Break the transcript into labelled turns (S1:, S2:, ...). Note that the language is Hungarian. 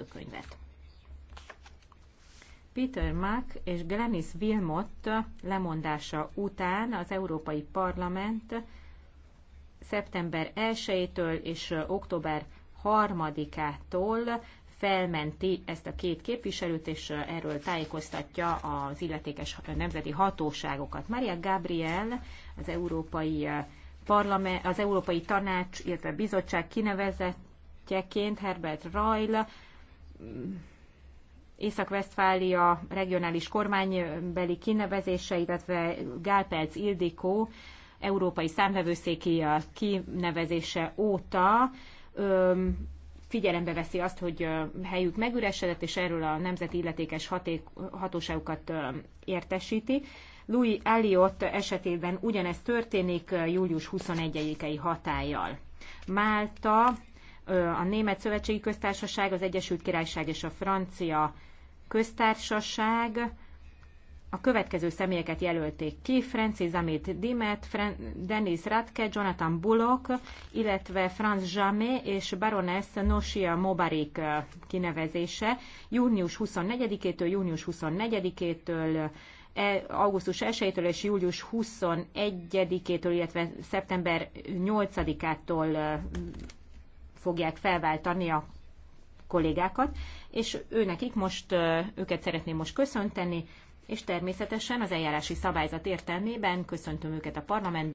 S1: jegyzőkönyvet. Peter Mack és Glenis Wilmot lemondása után az Európai Parlament szeptember 1-től és október 3-ától felmenti ezt a két képviselőt, és erről tájékoztatja az illetékes nemzeti hatóságokat. Maria Gabriel, az Európai eh, Parlament, az Európai Tanács, illetve Bizottság kinevezettjeként Herbert Reul, Észak-Vesztfália regionális kormánybeli kinevezése, illetve Gálpelc Ildikó európai számvevőszéki kinevezése óta figyelembe veszi azt, hogy helyük megüresedett, és erről a nemzeti illetékes haték, hatóságokat értesíti. Louis Elliot esetében ugyanezt történik július 21-i hatállyal. Málta a Német Szövetségi Köztársaság, az Egyesült Királyság és a Francia Köztársaság a következő személyeket jelölték ki, Francis Amit Dimet, Fran- Denis Radke, Jonathan Bullock, illetve Franz Jamé és Baroness Nosia Mobarik kinevezése június 24-től június 24-től e, augusztus 1-től és július 21-től, illetve szeptember 8-ától fogják felváltani a kollégákat, és őnekik most, őket szeretném most köszönteni, és természetesen az eljárási szabályzat értelmében köszöntöm őket a parlamentben.